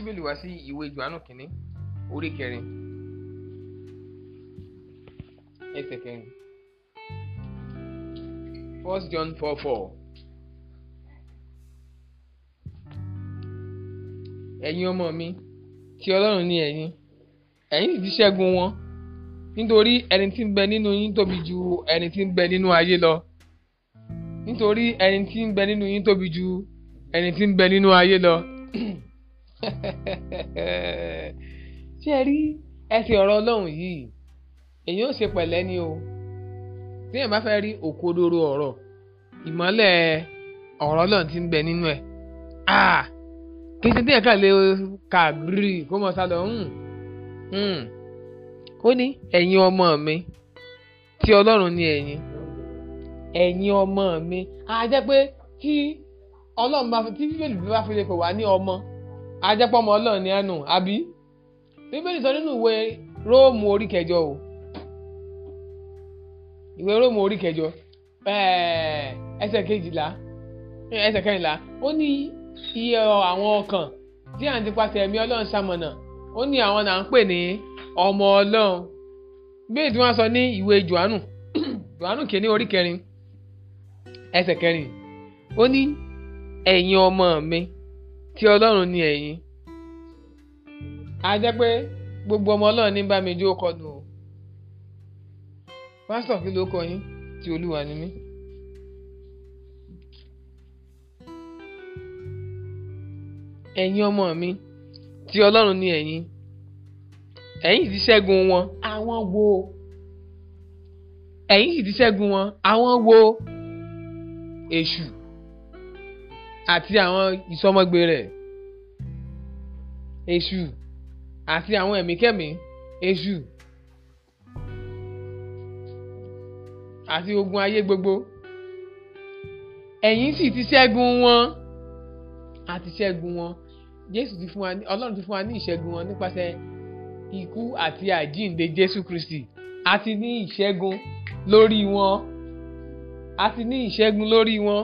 rán wá sí ìwé Jòhánù kínní orí kẹrin ẹsẹ̀ kẹrin First John four four ẹ̀yin ọmọ mi tí Ọlọ́run ní ẹ̀yin ẹ̀yin sì ti ṣẹ́gun wọn nítorí ẹni tí ń bẹ nínú yín tóbi ju ẹni tí ń bẹ nínú ayé lọ nítorí ẹni tí ń bẹ nínú yín tóbi ju ẹni tí ń bẹ nínú ayé lọ. ṣé ẹ rí ẹsìn ọ̀rọ̀ ọlọ́run yìí èyí ò ṣe pẹ̀lẹ́ ni o tí èèyàn bá fẹ́ rí òkodoro ọ̀rọ̀ ìmọ́lẹ̀ ọ̀rọ̀ ọlọ́run ti ń bẹ nínú ẹ̀ kì í ṣe tí ẹ̀ka lè kà gírì kó mọ sálọ ó ní ẹ̀yin ọmọ mi tí ọlọ́run ní ẹ̀yin ẹ̀yin ọmọ mi á jẹ́ pé kí ọlọ́run bá fi tí bíbélì bá fi lè pè wá ní ọmọ ajẹ́pọ̀mọ ọlọrun ni ẹnu àbí bíbélì sọ nínú ìwé róòmù orí kẹjọ o ìwé róòmù orí kẹjọ ẹsẹ̀ kejìlá ẹsẹ̀ kẹrìnlá ó ní iye àwọn ọkàn tí à ń tipasẹ̀ ẹ̀mí ọlọ́run ṣamọ̀nà ó ní àwọn là ń pè ní ọmọ ọlọ́run bíi tí wọ́n sọ ní ìwé johannu johannu kìíní orí kẹrin ẹsẹ̀ kẹrin ó ní ẹ̀yin ọmọ mi. kí ọlọ́run ni ẹ̀yin a jẹ́ pé gbogbo ọmọ ọlọ́run ní bá mi jó kọnu o pásítọ̀ kí ló kọ yín tí olúwa ni mí. ẹ̀yin ọmọ mi tí ọlọ́run ni ẹ̀yin ẹ̀yin ti ṣẹ́gun wọn àwọn wo ẹ̀yin ti ṣẹ́gun wọn àwọn wo èṣù. E àti àwọn ìsọmọgbe rẹ̀ èṣù àti àwọn ẹ̀míkẹ́mí èṣù àti ogun ayé gbogbo ẹ̀yin sì ti ṣẹ́gun wọn àti ṣẹ́gun wọn Jésù ti fún wa ní Ọlọ́run ti fún wa ní ìṣẹ́gun wọn nípasẹ̀ ikú àti àjíǹde Jésù Kristi a ti ní ìṣẹ́gun lórí wọn a ti ní ìṣẹ́gun lórí wọn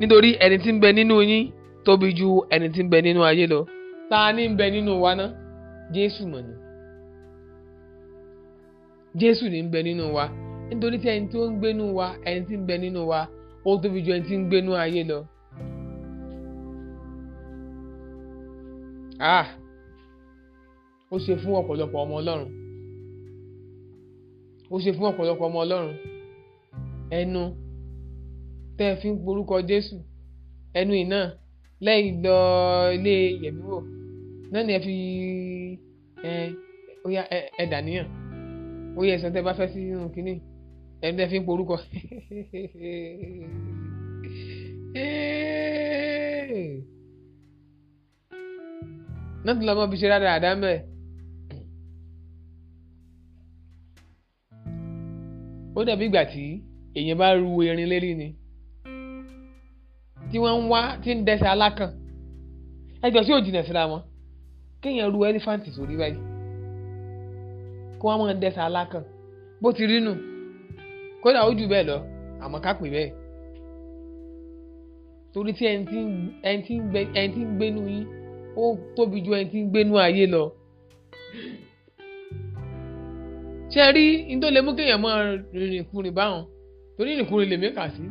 nítorí ẹni tí ń bẹ nínú yín tóbi ju ẹni tí ń bẹ nínú ayé lọ ta ni ń bẹ nínú wa ná Jésù mọ̀ ni Jésù ni ń bẹ nínú wa nítorí tí ẹni tó ń gbénú wa ẹni tí ń bẹ nínú wa ó tóbi ju ẹni tí ń gbénú ayé lọ. ah ó ṣe fún ọ̀pọ̀lọpọ̀ ọmọ ọlọ́run ó ṣe fún ọ̀pọ̀lọpọ̀ ọmọ ọlọ́run ẹnu tẹ́ ẹ fi ń gborúkọ Jésù ẹnu iná lẹ́yìn lọ ilé yẹ̀míwò náà ni ẹ fi ẹ oya ẹ dàníyàn oya ẹ̀sán tẹ́ bá fẹ́ sí inú kínní ẹnu tẹ́ fi ń gborúkọ. náà tún lọ́mọ bí ṣe rárá àdá mẹ́ẹ̀. ó dàbí ìgbà tí èèyàn bá ru erin lérí ni tí wọ́n ń wá tí ń dẹsẹ̀ alákàn ẹjọ́ sí òjìnà síra wọn kéèyàn ru ẹlífàǹtì sórí báyìí kó wọ́n máa dẹsẹ̀ alákàn bó ti rí nù kódà ó jù bẹ́ẹ̀ lọ àmọ́ ká pè bẹ́ẹ̀ torí tí ẹni tí ń gbénu yín ó tóbi ju ẹni tí ń gbénu ayé lọ ṣe rí ní tó lè mú kéèyàn máa rìnrìn kùnrin báwọn torí ìrìnkùnrin lèmi kà sí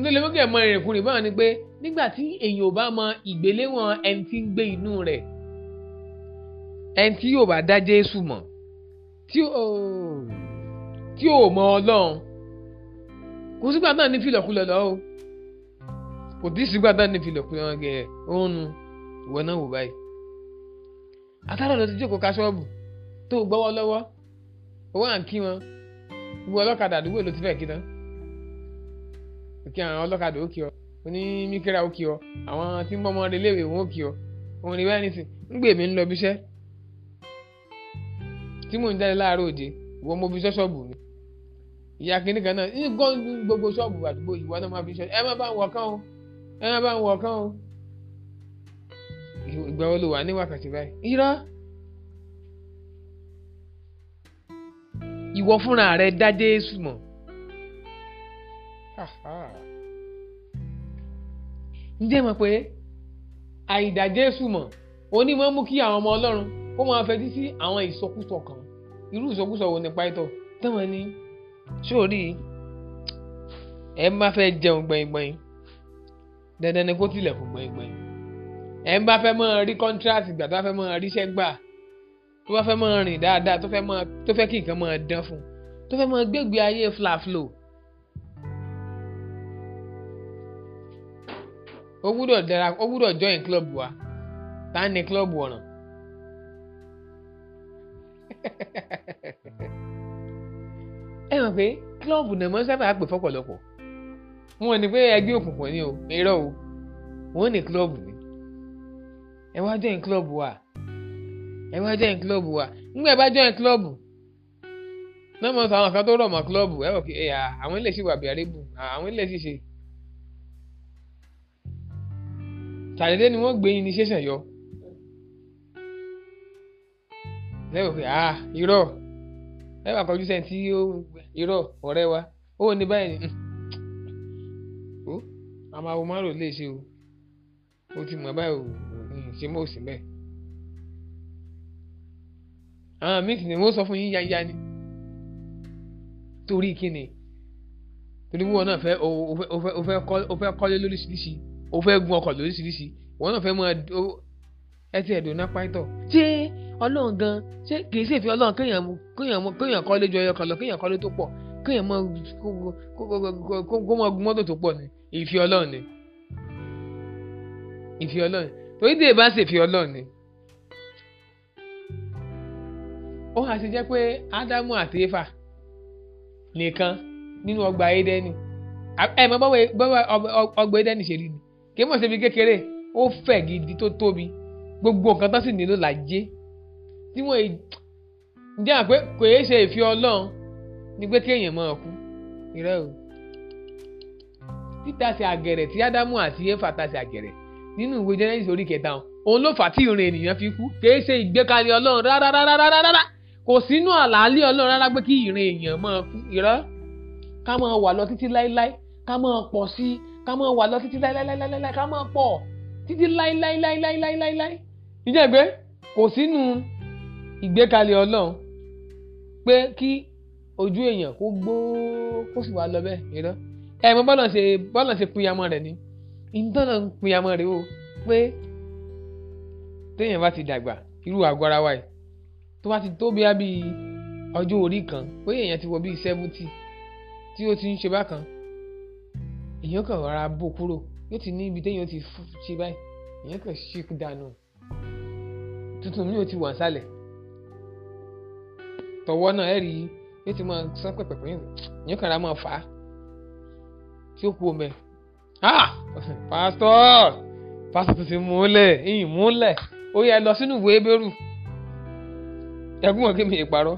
nítorí wọ́n kẹ́ mọ ìrìnkúrìn báwọn ni pé nígbà tí èèyàn ò bá mọ ìgbéléwọ̀n ẹni tí ń gbé inú rẹ̀ ẹni tí yóò bá dá Jésù mọ̀ tí ò tí ò mọ Ọlọ́run kò sígbà náà ní filọ̀kulọ̀ lọ o kò tí sígbà náà ní filọ̀kulọ̀ gẹ̀ ọ́n nu ìwọ náà wò báyìí àtàrà ló ti jókòó ka ṣọ́ọ̀bù tó gbọ́wọ́ lọ́wọ́ owó à ń kí wọn gbogbo ọlọ́kadà àdúgbò ló ti fẹ́ kí tán. òkè àwọn ọlọ́kadà ó kí ọ onímíkírà ó kí ọ àwọn tí ń bọ́ rẹ léèwé wọn ọ òun ni bẹ́ẹ̀ nísìn ń gbè ń lọ ibiṣẹ́ tí mò ń jáde láàárọ̀ òde ìwọ mo ṣọ́ọ̀bù mi ìyá kan náà ní gbogbo ṣọ́ọ̀bù àdúgbò ìwọ náà máa ẹ má ìgbà wo ló wà ní wákàtí báyìí ìwọ fúnra ǹjẹ́ mọ̀ pé àìdá Jésù mọ̀ onímọ̀ mú kí àwọn ọmọ Ọlọ́run kó máa fetí sí àwọn ìsọkúsọ kan irú ìsọkúsọ wo ni pàìtọ́ tẹ́wọ̀n ni sórí ẹ má fẹ́ jẹun gbẹ̀ngbẹ̀ng dandan ni kó tilẹ̀kùn gbẹ̀ngbẹ̀ng ẹ bá fẹ́ mọ́ rí kọ́ńtíráàtì gbà tó fẹ́ mọ́ ríṣẹ́ gbà tó bá fẹ́ mọ́ rìn dáadáa tó fẹ́ kí nǹkan mọ́ dán fún tó fẹ́ mọ́ gbégbé ayé flaflo ó gbúdọ̀ dára ó gbúdọ̀ join club wa tá ní club ọ̀ràn. ẹ mọ̀ pé club náà mọ́ sábà pè fọ́pọ̀lọpọ̀ wọn ní pé ẹgbẹ́ òkùnkùn ni o irọ́ o wọn ní club ni ẹ wá join club wa ẹ wá join club wa nígbà ẹ bá join club náà mọ̀ sọ àwọn kan tó rọ̀ mọ́ club ẹ wọ̀ kí àwọn ilé ṣì wà bíárẹ́bù àwọn ilé ṣì ṣe. tàdédé ni wọ́n gbé initiation yọ lẹ́wọ̀ pé ah irọ́ lẹ́wọ̀ àkọ́jú sẹ́yìn tí ó irọ́ ọ̀rẹ́ wa ó ní báyìí ni ó àmàwò márùn lè ṣe o ó ti mọ̀ báyìí o ṣe mọ́ òsì bẹ́ẹ̀ àwọn míì sì ni wọ́n sọ fún yín yáyá ni torí kíni torí wọn náà fẹ́ o fẹ́ kọ́lé lóríṣiríṣi o fẹ́ gun ọkọ̀ lóríṣiríṣi wọn náà fẹ́ mọ ẹ ti ẹ̀dùn náà pàtó ṣé ọlọ́run gan ṣé kì í ṣèfẹ́ ọlọ́run kéèyàn kéèyàn kọ́ lé ju ẹyọ kan lọ kéèyàn kọ́ lé tó pọ̀ kéèyàn mọ kó mọ mọ́tò tó pọ̀ ni ìfẹ́ ọlọ́run ni ìfẹ́ ọlọ́run torí dè bá ṣèfẹ́ ọlọ́run ni. ó hàn sí jẹ́ pé ádámù àti éfà nìkan nínú ọgbà édẹ́nì ẹ̀ mọ́ bọ́wọ́ ọgbà édẹ́nì ṣe rí ni kì í mọ̀ sí ibi kékeré ó fẹ̀ gidi tó tóbi gbogbo nǹkan tó sì nílò làjẹ́ tí wọ́n jẹ́ àpé kò yéé ṣe ìfi ọlọ́run ni pé kéèyàn máa kú irẹ́ o títa sí àgẹ̀rẹ̀ tí ádámù àti éfà ta sí àgẹ̀rẹ̀ nínú ìwé Genesis orí kẹta òun ló fà á tí ìrìn ènìyàn fi kú kìí ṣe ìgbékalẹ̀ ọlọ́run rárárárárárá kò sínú àlàálẹ̀ ọlọ́run rárá pé kí ìrìn èèyàn máa kú irọ́ ká máa wà lọ títí láéláé ká máa pọ̀ sí ká máa wà lọ títí láíláíláíláí ká máa pọ̀ títí láíláíláíláíláí ìjẹ́ pé kò sínú ìgbékalẹ̀ ọlọ́run pé kí ojú èèyàn kó gbó kó sì wá lọ bẹ́ẹ̀ ìrọ́ ẹ mọ̀ bọ́lọ̀ ṣe bọ́lọ̀ ṣe pinyamọ́ rẹ̀ ni ìtọ́nà ń pinyamọ́ rẹ̀ o pé téèyàn bá ti dàgbà irú àgọ́ ara wa yìí tó bá ti tó bí ọjọ́ orí kan pé èèyàn ti wọ bíi seventy tí ó ti ń ṣe bákan èèyàn kàn rárá bó kúrò yóò ti ní ibi téèyàn ti ṣe báyìí èèyàn kàn ṣe dànù tuntun mi ò ti wà sálẹ̀ tọwọ́ náà ẹ̀ rí yóò ti máa sán pẹ̀pẹ̀pẹ̀ èèyàn kàn rá máa fà á tí ó kú omi ẹ̀ pásítọ̀ pásítọ̀ tó ti múlẹ̀ ìyìn múlẹ̀ ó yẹ lọ sínú ìwé ebérù ẹ̀gbọ́n wọn kí mi ìparọ́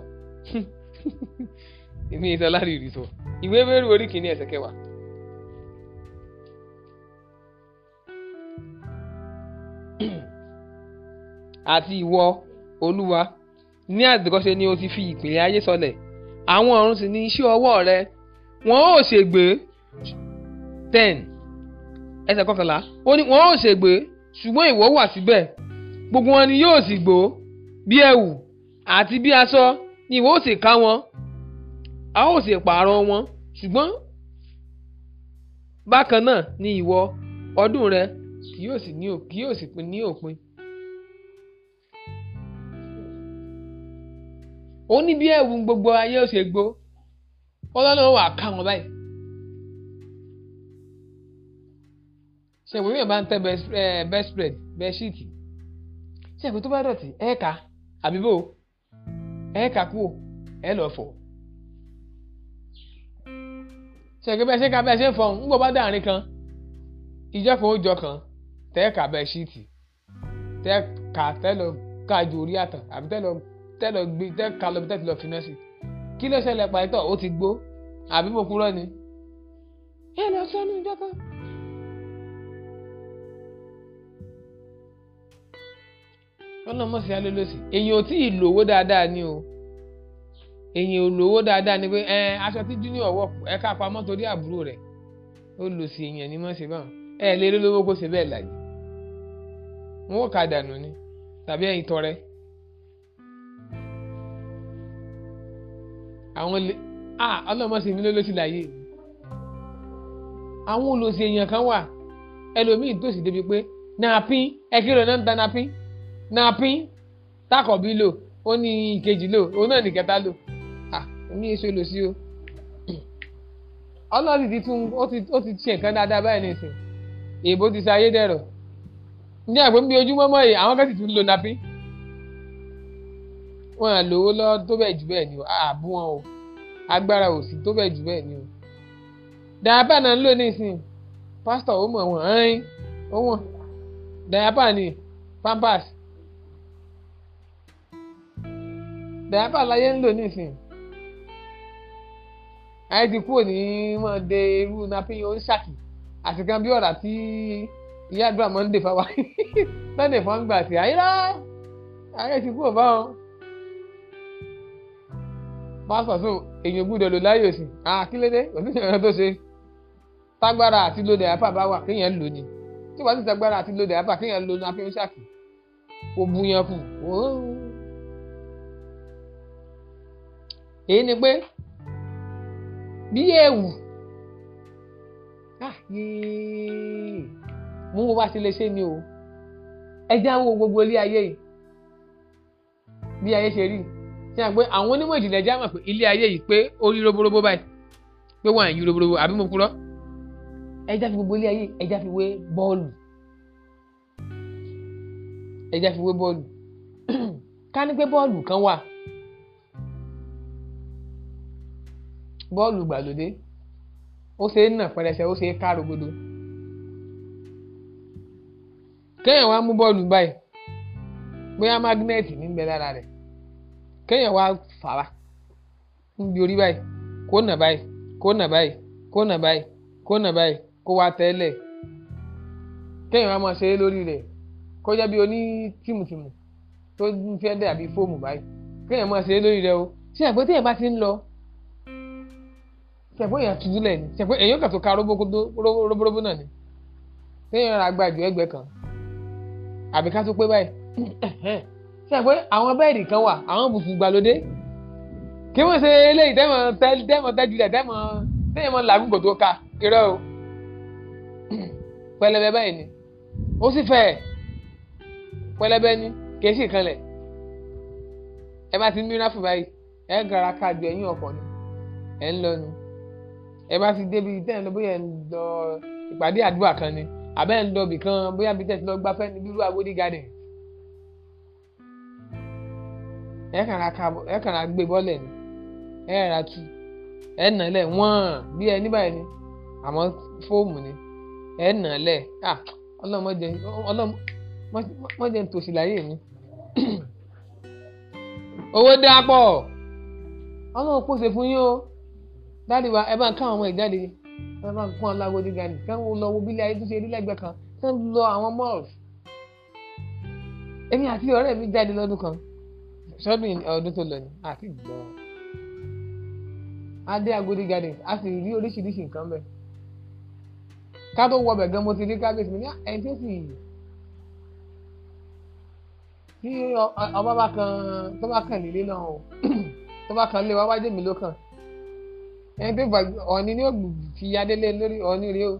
èmi ìsọlá rírì sọ ìwé ebérù orí kìíní ẹsẹ̀ kẹwàá. àti ìwọ olúwa ní àdìkọ́ṣe ni o ti fi ìpìlẹ̀ ayé sọlẹ̀ àwọn ọ̀run sì ni iṣẹ́ ọwọ́ rẹ wọn ò ṣègbè ten ẹsẹ̀ kọkànlá ó ní wọn ò ṣègbè ṣùgbọ́n ìwọ wà síbẹ̀ gbogbo wọn ni yóò sì gbó bí ẹ̀wù àti bí aṣọ ni ìwọ ò sì ká wọn a ó sì pààrọ̀ wọn ṣùgbọ́n bákan náà ni ìwọ ọdún rẹ kì yóò sì ní òpin. ó ní bí ẹ̀wù gbogbo ayé ó ṣe gbó ọlọ́run wà ká wọn báyìí. ṣègùn yóò bá ń tẹ best spread best sheet ṣègùn tó bá dọ̀tí ẹ̀ka àbíbò ẹ̀ka kúò ẹ̀ lọ fọ̀ ṣègùn bẹ́ẹ̀ ṣe ká bẹ́ẹ̀ ṣe ń fọ̀n ńgbọ́ bá dáàrin kan ìjọkan ó jọ kan tẹ́ẹ̀ka best sheet tẹ́ẹ̀ka tẹ́ẹ̀ lọ kájú orí àtàn àbí tẹ́ẹ̀ lọ tẹ́lọ̀ gbé tẹ́ ka bi bí tẹ́tì lọ fi náà sí kí ló ṣẹlẹ̀ pàtó ó ti gbó àbí mo kúrò ni. ẹ lọ sọnù ìjọ kan. ọlọ́mọ sí alólòsì èyàn ò tí ì lówó dáadáa ni o èyàn ò lówó dáadáa ni pé ẹ aṣọ tí junior wọ ẹ ká pamọ́ torí àbúrò rẹ̀ ó lò sí èyàn ní mọ̀ ṣe báwọn ẹ lè rí kó ṣe bẹ́ẹ̀ làjì wọn ò dànù ni tàbí ẹ̀yin tọrẹ. àwọn lè à ọlọ́mọsìn mi ló sì láyé àwọn olùsìn èèyàn kan wà ẹlòmíì tó sì débi pé nàpín ẹkẹrẹ náà ń ta nàpín nàpín tákọ̀bí lò ó ní ìkejì lò ó náà ní kẹta lò à ní èso lò sí o ọlọ́run ti tún ó ti ṣe nǹkan dáadáa báyìí nìsín èèbó ti sa ayé dẹ̀rọ̀ ní àgbẹ̀ ń bí ojúmọ́mọ́ yìí àwọn kan sì tún lò nàpín wọn à lówó lọ tó bẹ̀ jù bẹ́ẹ̀ ni o àbú wọn o agbára ò sí tó bẹ̀ jù bẹ́ẹ̀ ni o dàábà náà ń lò nísìn pásítọ̀ ó mọ̀ wọ́n ẹ́yìn ó wọ̀n dàábà ni pampers dàábà láyé ń lò nísìn ayé ti kúrò ní mọ̀ de irú napin oníṣàkì àti kan bí ọ̀rà tí ìyá àdúrà mọ́ ń dè fáwa lọ́dẹ̀ fún àgbà àti àyíká ayé ti kúrò báwọn pásítọ̀ sùn èyàn gbúdọ̀ lò láyè òsì àkílédé kò sí ìyàrá tó ṣe tágbára àti lóde àyàpá bá wà kéèyàn lò ní tí wàá sì tágbára àti lóde àyàpá kéèyàn lò ní afẹ́ńṣàkì kò bu yẹn kù èyí ni pé bí èèwù ah, mú wá sí lè ṣe ni o ẹ já wo gbogbo ilé ayé yìí bí ayé ṣe rí i ṣe àgbẹ̀ àwọn onímọ̀ ìjìnlẹ̀ já mọ̀ pé ilé ayé yìí pé ó rí roborobo báyìí pé wọ́n à ń yí roborobo àbí mo kúrọ́ ẹja fi gbogbo ilé ayé ẹja fi wé bọ́ọ̀lù ẹja fi wé bọ́ọ̀lù ká ní pé bọ́ọ̀lù kan wà bọ́ọ̀lù gbàlódé ó ṣe é nà pẹrẹsẹ ó ṣe é ká rogodo kéèyàn wá mú bọ́ọ̀lù báyìí bóyá mágínẹ́ẹ̀tì ní bẹ lára rẹ̀ kéèyàn wá fàrà níbi orí báyìí kó nà báyìí kó nà báyìí kó nà báyìí kó nà báyìí kó wá tẹ́lẹ̀ kéèyàn wá máa ṣeré lórí rẹ̀ kó jẹ́ bí oní tìmùtìmù tó ń fẹ́ àbí fóòmù báyìí kéèyàn máa lórí rẹ̀ o ṣe àgbẹ̀ téèyàn bá ti ń lọ ṣẹ̀fọ́ èèyàn tuntun ni ṣẹ̀fọ́ èèyàn ka róbóróbó náà ni téèyàn ra kan àbí ká tó sẹ́yìn pé àwọn bẹ́ẹ̀dì kan wà àwọn bùsùn gbàlódé kí wọ́n ṣe eléyìí tẹ́mọ̀ tẹ́mọ̀ tẹ́jú rẹ̀ tẹ́mọ̀ tẹ́mọ̀ làbúgbò tó ka irọ́ o pẹlẹbẹ báyìí ni ó sì fẹ́ pẹlẹbẹ ni kì í sì kanlẹ̀ ẹ bá ti ń mìíràn fún báyìí ẹ gara ká ju ẹ̀yìn ọkọ̀ ni ẹ ń lọ ni ẹ bá ti débi tẹ́yìn lọ bóyá ẹ ń lọ ìpàdé àdúrà kan ni àbẹ́ ń lọ bìkan bóyá bí tẹ̀sí lọ gbáfẹ́ ní bírú Agodi garden ẹ kàn ra gbé bọ́ọ̀lẹ̀ ni ẹ ra tú ẹ nà lẹ̀ wọ́n bí ẹ ní báyìí ni àmọ́ fóòmù ni ẹ nà lẹ̀ ọlọ́mọdé ntòsí láyé mi owó dápọ̀ ọlọ́run pèsè fún yín o dáàdi wa ẹ bá ń ká àwọn ọmọ ìjáde ẹ bá ń kún aláwo díga ní kí wọ́n lọ wo bílẹ̀ ayé tó ṣe rí lẹ́gbẹ̀ẹ́ kan kí wọ́n lọ àwọn malls èmi àti ọ̀rẹ́ mi jáde lọ́dún kan sọ́dún ọdún tó lọ ni àti gbọ́ adé Agodi Gardens a sì rí oríṣiríṣi nǹkan bẹ́ẹ̀ ká tó wọ bẹ̀ gan mo ti rí kábíyèsí mi ní ah, ẹni tí ó sì tí ọba bá kan tó bá kàn nílé náà o tó bá kan lé wa wájú mi ló kàn ẹni tó gbà ọ̀ọ́ni ni ó fi adé lé lórí ọ̀ọ́ni rèé o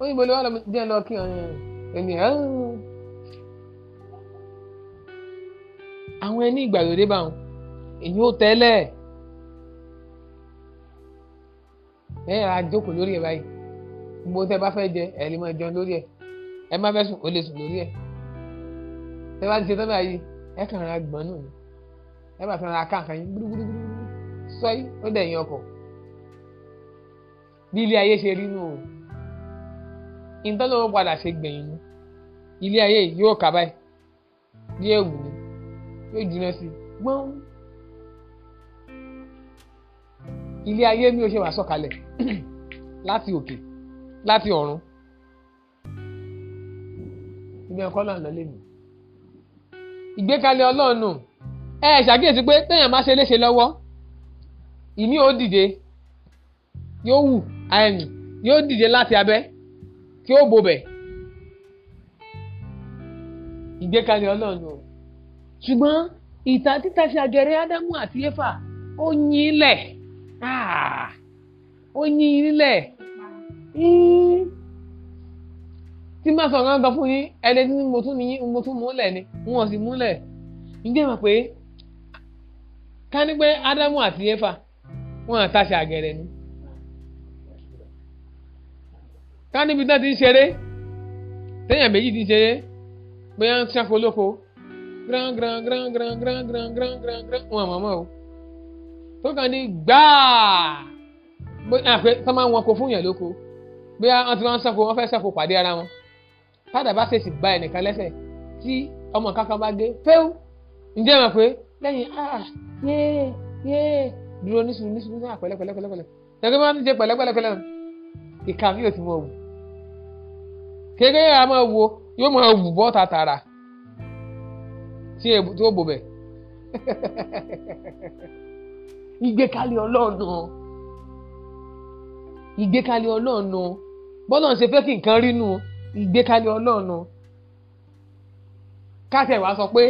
ó yìnbọn wọn lọ jẹ́ lọ kí ọ̀ọ́ni rẹ̀ ènìyàn. àwọn ẹni ìgbàlódé bá wọn èyí ò tẹ́lẹ̀ lẹ́yìn ara jókòó lórí ẹ̀ báyìí gbogbo tẹ́ bá fẹ́ jẹ ẹ̀ lè máa jẹun lórí ẹ̀ ẹ má fẹ́ sùn ó lè sùn lórí ẹ̀ tẹ́ bá ti ṣe tán báyìí ẹ kàn ra gbọ́n nù ni ẹ bá tán ra káàkiri yín gbúdúgbúdú sọ́yí ó dẹ̀yìn ọkọ̀ bí ilé ayé ṣe rí nù o ìtọ́lọ́wọ́ padà ṣe gbẹ̀yìn ilé ayé yóò kà báyìí bí èwù ni pé jìnnà sí gbọ́n ilé ayé mi ò ṣe wà sọ̀kalẹ̀ láti òkè láti ọ̀run ibi ẹ̀kọ́ náà lọ lé mi ìgbékalẹ̀ ọlọ́run nù ẹ ṣàkíyèsí pé téèyàn máa ṣe léṣe lọ́wọ́ ìmí ò dìde yóò wù àìmì yóò dìde láti abẹ́ tí ó bobẹ̀ ìgbékalẹ̀ ọlọ́run nù ṣùgbọ́n ìta títa ṣe àgẹ̀rẹ̀ ádámù àti éfà ó yín lẹ̀ ah, ó yín lẹ̀ hmm. tí má sọ gángan fún yín ẹni tí mo tún ní mo tún múlẹ̀ ni wọn ò sì múlẹ̀ ǹjẹ́ mọ̀ pé ká ní pé ádámù àti éfà wọn àtàṣe àgẹ̀rẹ̀ ni ká níbi náà ti ń ṣeré téèyàn méjì ti ń ṣeré bóyá ń ṣàkólókòó gran gran gran gran gran gran gran gran gran wọn àmọ́ mọ́ o tó kàn ní gbáà àpè ah, tó máa ń wọn ko fún yàn lóko bí wọn ti máa ń sọ̀kò wọn fẹ́ sọ̀kò pàdé ara wọn tádà bá ṣèṣì gba ẹnìkan lẹ́sẹ̀ tí ọmọ kankan bá gé fẹ́ù ǹjẹ́ mọ̀ pé lẹ́yìn ah yéé yéé dúró nísìnyí nísìnyí náà ah, pẹ̀lẹ́pẹ̀lẹ́pẹ̀lẹ́ tẹ̀gbẹ́ máa ń jẹ pẹ̀lẹ́pẹ̀lẹ́pẹ̀lẹ́ ìkà mi ò ti mọ̀ wù kékeré yàrá máa wo yóò máa wù bọ́ tàtàrà tí ó bò bẹ̀ ìgbékalẹ̀ ọlọ́ọ̀nà ìgbékalẹ̀ ọlọ́ọ̀nà bọ́lá ń ṣe fẹ́ kí nǹkan rí nu ìgbékalẹ̀ ọlọ́ọ̀nà káṣẹ̀ sọ pé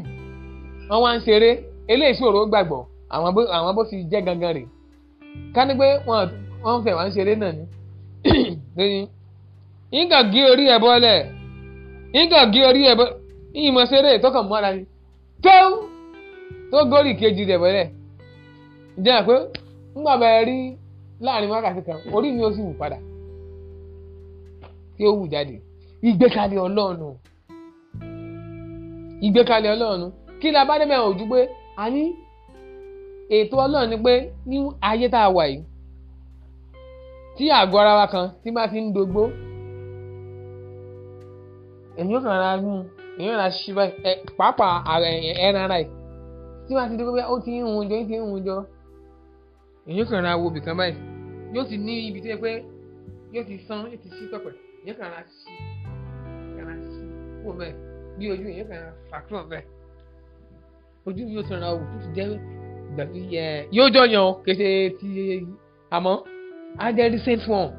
wọ́n wá ń ṣeré eléyìí ṣòro gbàgbọ́ àwọn bó ti jẹ́ gangan rè ká pé wọ́n fẹ́ wá ń ṣeré náà ni. nǹkan gé orí ẹ̀ bọ́lẹ̀ gé orí ẹ̀ bọ́lẹ̀. ìmọ̀ ètò kan mọ́ra ni tẹ́wù tó górì kejì rẹ̀ bẹ̀rẹ̀ jẹ́ pé ńgbà bẹ̀rẹ̀ rí láàrin wákàtí kan orí mi ó sì wù padà tí ó wù jáde ìgbékalẹ̀ ọlọ́ọ̀nù ìgbékalẹ̀ ọlọ́ọ̀nù kí pé a ní ètò ni pé ní ayé tá a wà kan tí fi ń dogbo èyí ó èèyàn náà ṣí báyìí ẹ pàápàá ara ẹ nri tí wọ́n ti dúró bí ó ti ń hun jọ ó ti ń hun jọ èèyàn kàn ra wo ibìkan báyìí yóò ti ní ibi tó yẹ pé yóò ti san yóò ti ṣí pẹpẹ èèyàn kàn ra ṣí kàn ra ṣí kúrò bẹ́ẹ̀ bí ojú èèyàn kàn ra fà kúrò bẹ́ẹ̀ ojú yóò tún ra wò tó ti jẹ́ gbàgbé yẹ yóò jọ yan kété ti àmọ́ á jẹ́ the same one.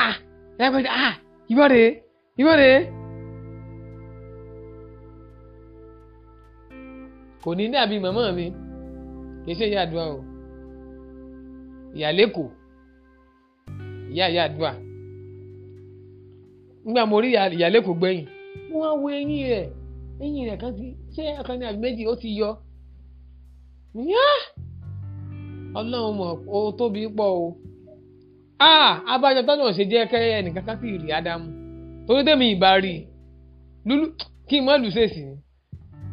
ah ẹ pẹ́ ah ìbọ̀dé. iwere kò ní dàbí màmá mi kì í ṣe ìyá àdúrà o ìyá lẹ́kọ̀ọ́ ìyá ìyá àdúrà nígbà mo rí ìyá lẹ́kọ̀ọ́ gbẹ̀yìn mo wo eyín rẹ̀ eyín rẹ̀ kan ti ṣé ní àbí méjì ó ti yọ yá ah! ọlọ́run mọ̀ ó tóbi pọ̀ o ah! abájọ tọ́nà ṣe jẹ́ ẹnìkan torí tèmi ìbá rí i lulu kí n mọ lù sèṣì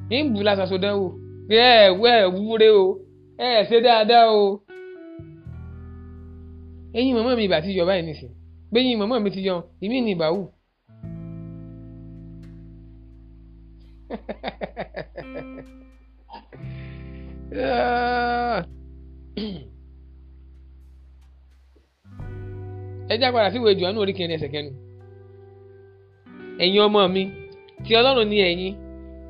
ni ń bù lásán so dánwò ẹ ẹ wúre o ẹ ẹ ṣe dáadáa o ẹ̀yin mọ̀mọ́ mi ìbá ti yọ báyìí nìsín gbẹ̀yìn mọ̀mọ́ mi ti yọ ìmí ni ìbá wù. ẹ já padà sí ìwé ìjọ àánú orí ẹsẹ̀ kẹrin ẹ̀yin ọmọ mi ti ọlọ́run ni ẹ̀yin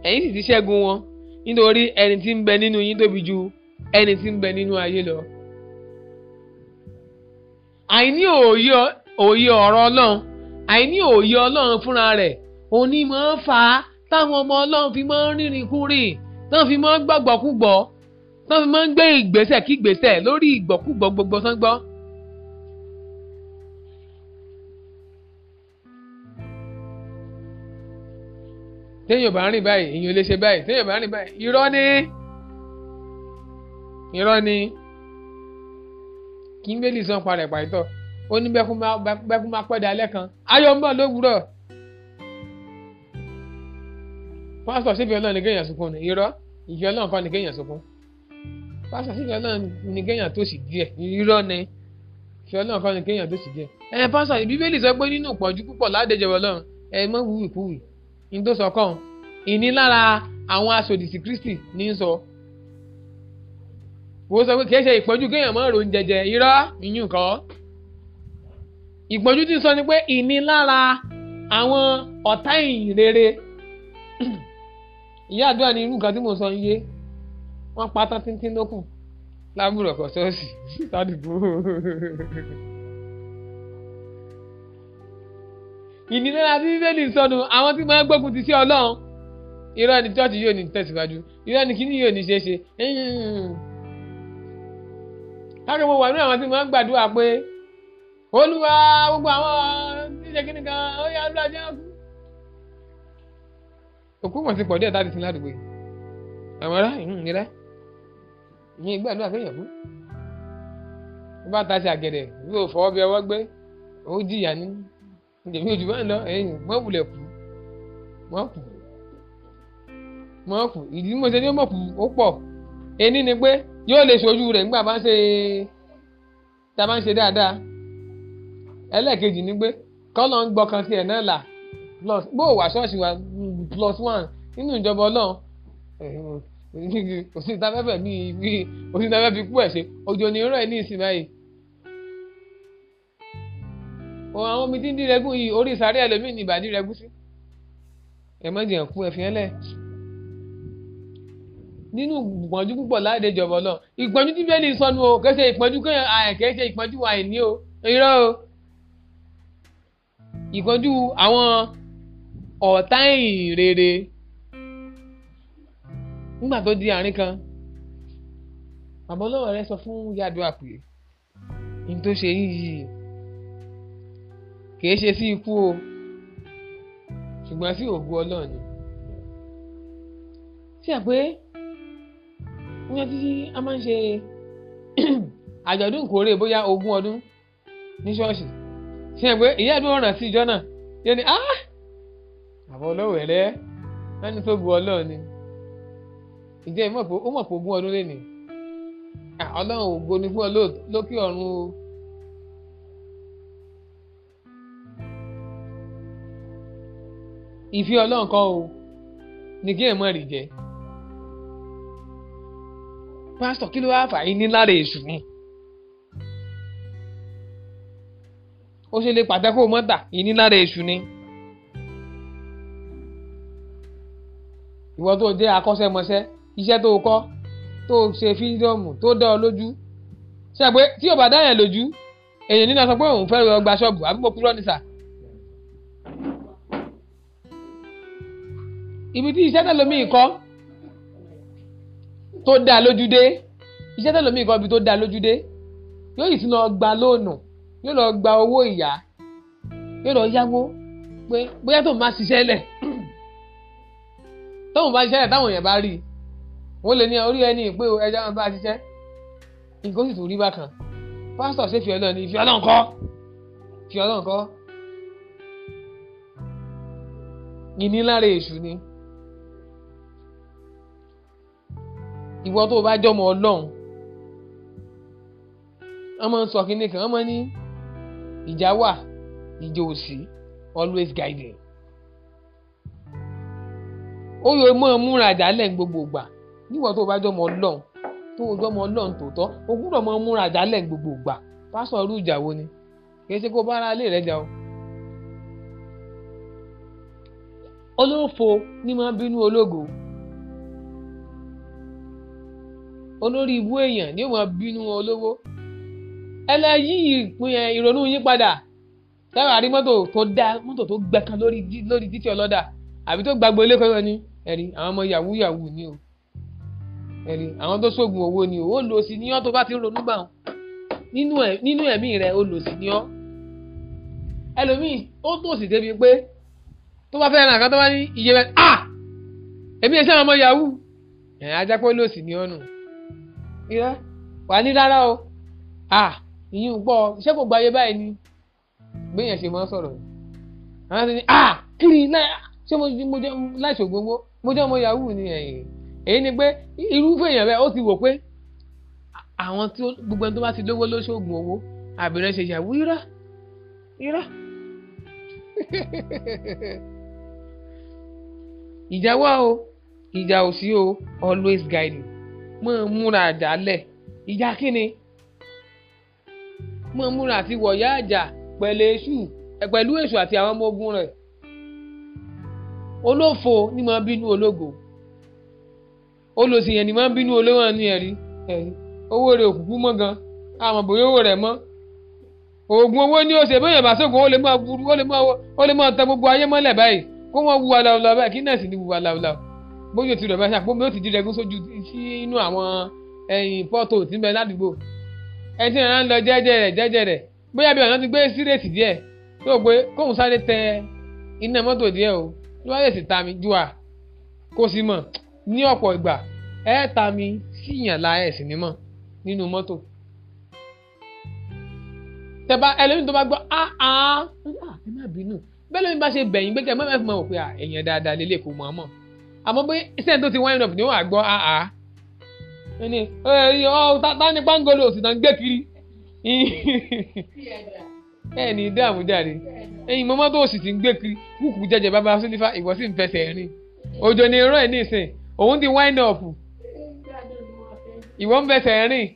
ẹ̀yin sì ti ṣẹ́gun wọn nítorí ẹni tí ń bẹ nínú yín tóbi ju ẹni tí ń bẹ nínú ayé lọ. àìní òye ọ̀rọ̀ ọlọ́run àìní òye ọlọ́run fúnra rẹ̀ òní máa ń fà á táwọn ọmọ ọlọ́run fi máa ń rìnrìn kúrìn táwọn fi máa ń gbọ́gbọ́kúgbọ́ táwọn fi máa ń gbé ìgbésẹ̀ kígbésẹ̀ lórí ìgbọ́kúgbọ́ gbogbo sáńgbọ́. téèyàn bá rìn báyìí èèyàn lè ṣe báyìí téèyàn bá rìn báyìí irọ́ ni irọ́ ni kí n bẹ́ẹ̀ lè san parẹ̀ pàìtọ́ ó ní bẹ́kún máa pẹ́ dalẹ́ kan ayọ̀ ń bọ̀ lówùúrọ̀ pásítọ̀ sífẹ́ ọlọ́run ní kéèyàn sunkún ni irọ́ ìfẹ́ ọlọ́run kan ní kéèyàn sunkún pásítọ̀ sífẹ́ ọlọ́run ní kéèyàn tó sì díẹ̀ irọ́ ni ìfẹ́ ọlọ́run kan ní kéèyàn tó sì díẹ̀ ẹ pásítọ̀ bíbélì sọ pé nínú ìpọ́njú púpọ̀ ládẹjọ́ ọlọ́run ẹ mọ́ wúwì kúwì ní tó sọ kàn ìnilára àwọn aṣòdì sí Kristi ní sọ wò ó sọ pé kì í ṣe ìpọ́njú kéèyàn mọ́ ròun jẹjẹ irọ́ ìyún kan ìpọ́njú tí sọ ni pé ìnilára àwọn ọ̀tá ìyìn rere ìyá àdúrà ni irú nǹkan tí mo sọ ń yé wọ́n pa tán tíntín lókùn lábúrò ọ̀kọ̀ ṣọ́ọ̀ṣì sádùúgbò. ìnira tí bíbélì sọnù àwọn tí máa gbógun ti sí ọlọ́run irọ́ ni chọ́ọ̀chì yóò ní tẹ̀síwájú irọ́ ni kíní yóò ní ṣe ṣe. káàkiri mo wà nínú àwọn tí máa ń gbàdúrà pé olúwa gbogbo àwọn ṣíṣe kíní kan ó yá lọ jẹ́ òkú. òkú wọn ti pọ̀ díẹ̀ táti sin ládùúgbò yìí àwọn ará ìrùn nira ìyẹn gbàdúrà kéèyàn kú. bí wọ́n bá ta ṣe àgẹ̀dẹ̀ bí wọ́n fọwọ́ bí ọwọ́ gbé ó jìyà nínú ìdèmí ojú bá ń lọ ẹ̀yìn mọ́ wulẹ̀ kú mọ́ kú mọ́ kú ìdí mo ṣe ní mọ̀ kú ó pọ̀ ení ni pé yóò lè ṣojú rẹ̀ nígbà bá ń ṣe tá a bá ń ṣe dáadáa ẹlẹ́ẹ̀kejì ni pé kọ́lọ̀ ń gbọ́kan tiẹ̀ náà là plus bó wà ṣọ́ọ̀ṣì wa plus one nínú ìjọba ọlọ́run òsì ìtafẹ́fẹ́ bíi òsì ìtafẹ́fẹ́ bíi kú ẹ̀ ṣe òjò ní irú ẹ̀ ní ìsìn báyìí òun àwọn omi tí ń dírẹ́gùn yìí orí ìsáré ẹlòmíì ní ìbàdí rẹ́gùn sí ẹ má jẹ́ kú ẹ̀fín ẹlẹ́ nínú ìpọ́njú púpọ̀ láàdé ìjọba náà ìpọ́njú tí bẹ́ẹ̀ lè sọnù o kìí ṣe ìpọ́njú kìí ṣe ìpọ́njú àìní o irọ́ o ìpọ́njú àwọn ọ̀tá ẹ̀yìn rere nígbà tó di àárín kan bàbá ọlọ́wọ́ rẹ sọ fún yàdúrà pé ní tó ṣe yín yìí kìí ṣe sí ikú o ṣùgbọ́n sí ògùn ọlọ́run ni tí a pé wọ́n ti a máa ń ṣe àjọ̀dún ìkórè bóyá ogún ọdún ní ṣọ́ọ̀ṣì tí a pé ìyá ìdúró ọ̀ràn sí ìjọ náà yóò ní ah àbọ̀ ọlọ́wọ̀ ẹ̀rẹ́ ẹni tó bu ọlọ́run ni ìjẹ́ ìmọ̀ pé ó mọ̀ pé ogún ọdún lé ní ọlọ́run ògo ni fún ọ lókè ọ̀run o. ìfẹ́ ọlọ́run kan o ní kí ẹ̀ mọ̀ rí jẹ́ pásítọ̀ kí ló wá fà yín níláre èṣù ni ó ṣe lè pàtẹ́kó mọ́tà yín níláre èṣù ni ìwọ tó jẹ́ akọ́ṣẹ́mọṣẹ́ iṣẹ́ tó kọ́ tó ṣe fídíọ̀mù tó dá ọ lójú ṣe pé tí ò bá dá yẹn lójú èèyàn nínú sọ pé òun fẹ́ lọ gba ṣọ́ọ̀bù àbí mo purọ́ ní sà ibi tí iṣẹ́ tẹ̀lómìn kọ́ tó dáa lójú dé iṣẹ́ tẹ̀lómìn kọ́ ibi tó dáa lójú dé yóò yìí sì lọ gba lóònù yóò lọ gba owó ìyá yóò lọ yáwó pé bóyá tóun máa ṣiṣẹ́ lẹ̀ tóun bá ṣiṣẹ́ lẹ̀ táwọn èèyàn bá rí i wọ́n lè ní orí ẹni ìpè ẹja máa bá a ṣiṣẹ́ nǹkan sì tún rí bákan pásítọ̀ ṣe fi ọlọ́run ní fi ọlọ́run kọ́ fi ọlọ́run kọ́ ìníláre èṣù ni. ìwọ tó o bá jọmọ Ọlọ́run wọ́n máa ń sọ kínní kan wọ́n máa ní ìjà wà ìjà òsì always guiding ó yọ mọ́ ọ múra àdálẹ̀ gbogbo ìgbà níwọ tó o bá jọmọ Ọlọ́run tó o jọmọ Ọlọ́run tòótọ́ o gbúdọ̀ mọ́ múra àdálẹ̀ gbogbo ìgbà pásọ̀ irú ìjà wo ni kì í ṣe kó bá ara lè rẹ jà o. olófo ni máa bínú ológo. olórí ibú èèyàn ni ó máa bínú olówó yi yi pinye ìrònú yín padà táwọn àrí mọ́tò tó dá mọ́tò tó gbẹ̀kan lórí títí ọlọ́dà àbí tó gbàgbé ilé ni ẹ̀rí àwọn ọmọ yahoo yahoo ni o ẹ̀rí àwọn tó ṣoògùn owó ni o ó lò sí ní ọ́ tó bá ti ń ronú wọn nínú ẹ̀mí ó lò sí ní ọ́ ẹlòmíì ó débi pé iye ah! èmi ẹ̀ sẹ́wọ̀n ọmọ yahoo ẹ̀ ajá pé ó lò sí irọ́ wà ní rárá o ìyín gbọ́ ṣé kò gbáyé báyìí ni gbẹ̀yìn ṣe máa ń sọ̀rọ̀ àwọn ti ní kiri náà ṣé mo jẹ́ láìsò gbogbo mo jẹ́ ọmọ yahoo ni ẹ̀yìn èyí ni pé irúfẹ́ èèyàn bẹ́ẹ̀ ó ti wò pé àwọn tí gbogbo ẹni tó bá ti lówó lóṣoògùn owó àbẹ̀rẹ̀ ṣe yahoo irọ́ irọ́ ìjà wà o ìjà ò sí o always guide me mọ́ ń múra àjálẹ̀ ìjà kíni mọ́ ń múra àti wọ̀yá àjà pẹ̀lú èṣù pẹ̀lú èṣù àti àwọn ọmọ ogun rẹ̀ olófo ni máa bínú ológo olòṣì yẹn ni máa bínú olówó ẹni ẹ̀rí ẹ̀rí owó rẹ̀ òkùnkùn mọ́ gan àmọ́ bóyá owó rẹ̀ mọ́ oògùn owó ní ọ̀sẹ̀ bóyá ìbáṣọ̀gùn ó lè máa burú ó lè máa tẹ gbogbo ayé mọ́lẹ̀ báyìí kó wọ́n wu aláwùláwù báyìí kí náà sì ní wu aláwùláwù bójú ti rẹ̀ bá ṣàpò bí ó ti di rẹ̀gún sójú sí inú àwọn ẹ̀yìn pọ́tò tí ń bẹ ládùúgbò ẹni tí ìrànlọ́ ń lọ jẹ́jẹ́ rẹ̀ jẹ́jẹ́ rẹ̀ bóyá bí ọ̀nà ti gbé sírètì díẹ̀ tó o gbé kóun sáré tẹ iná mọ́tò díẹ̀ o ló wáyé sì ta mi ju à kó sì mọ̀ ní ọ̀pọ̀ ìgbà ẹ ta mi síyàn la ẹ̀ sì ní mọ̀ nínú mọ́tò tẹ́bá ẹlẹ́mìí tó bá gbọ́ á á ẹ má bínú bẹ́ẹ̀ lómi bá ṣe bẹ̀yìn gbẹ́kẹ̀ mọ́ ẹ fi mọ̀ wò pé ẹ̀yìn dáadáa lélẹ̀ kò ọ́ mọ̀ àmọ́ pé iṣẹ́ tó ti wind up ni ó wà gbọ́ àá ẹni tani pangolo òsì náà ń gbé kiri ẹ ní dààmú jáde ẹyin mọ́mọ́ tó òsì ti ń gbé kiri kúkú jẹjẹ bàbá sílífà ìwọ sì ń fẹsẹ̀ rìn òjò ni irọ́ ẹ̀ ní ìsìn òun ti wind up ìwọ ń fẹsẹ̀ rìn